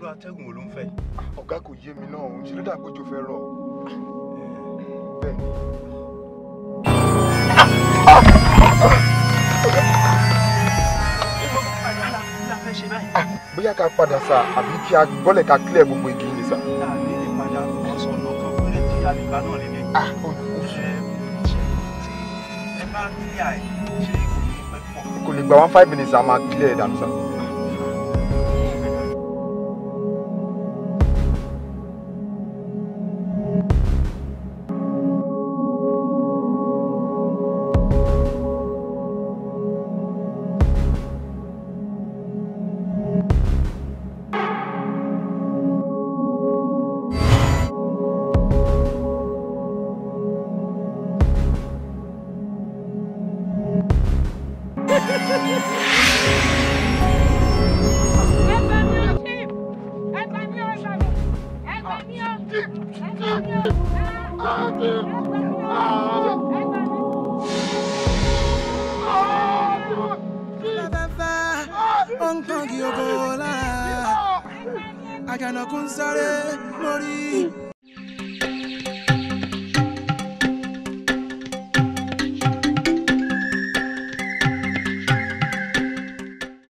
irú atẹ́gùn wo ló ń fẹ́. ọ̀gá kò yé mi náà òun ṣe ló dàgbójú fẹ́ rọ̀. bóyá ká padà sá àbí kí a gbọ́lẹ̀ ká kílẹ̀ gbogbo igi yìí sá. Ah, kò lè gba one five minutes a máa kílẹ̀ dànù sá. I cannot Agana kunsare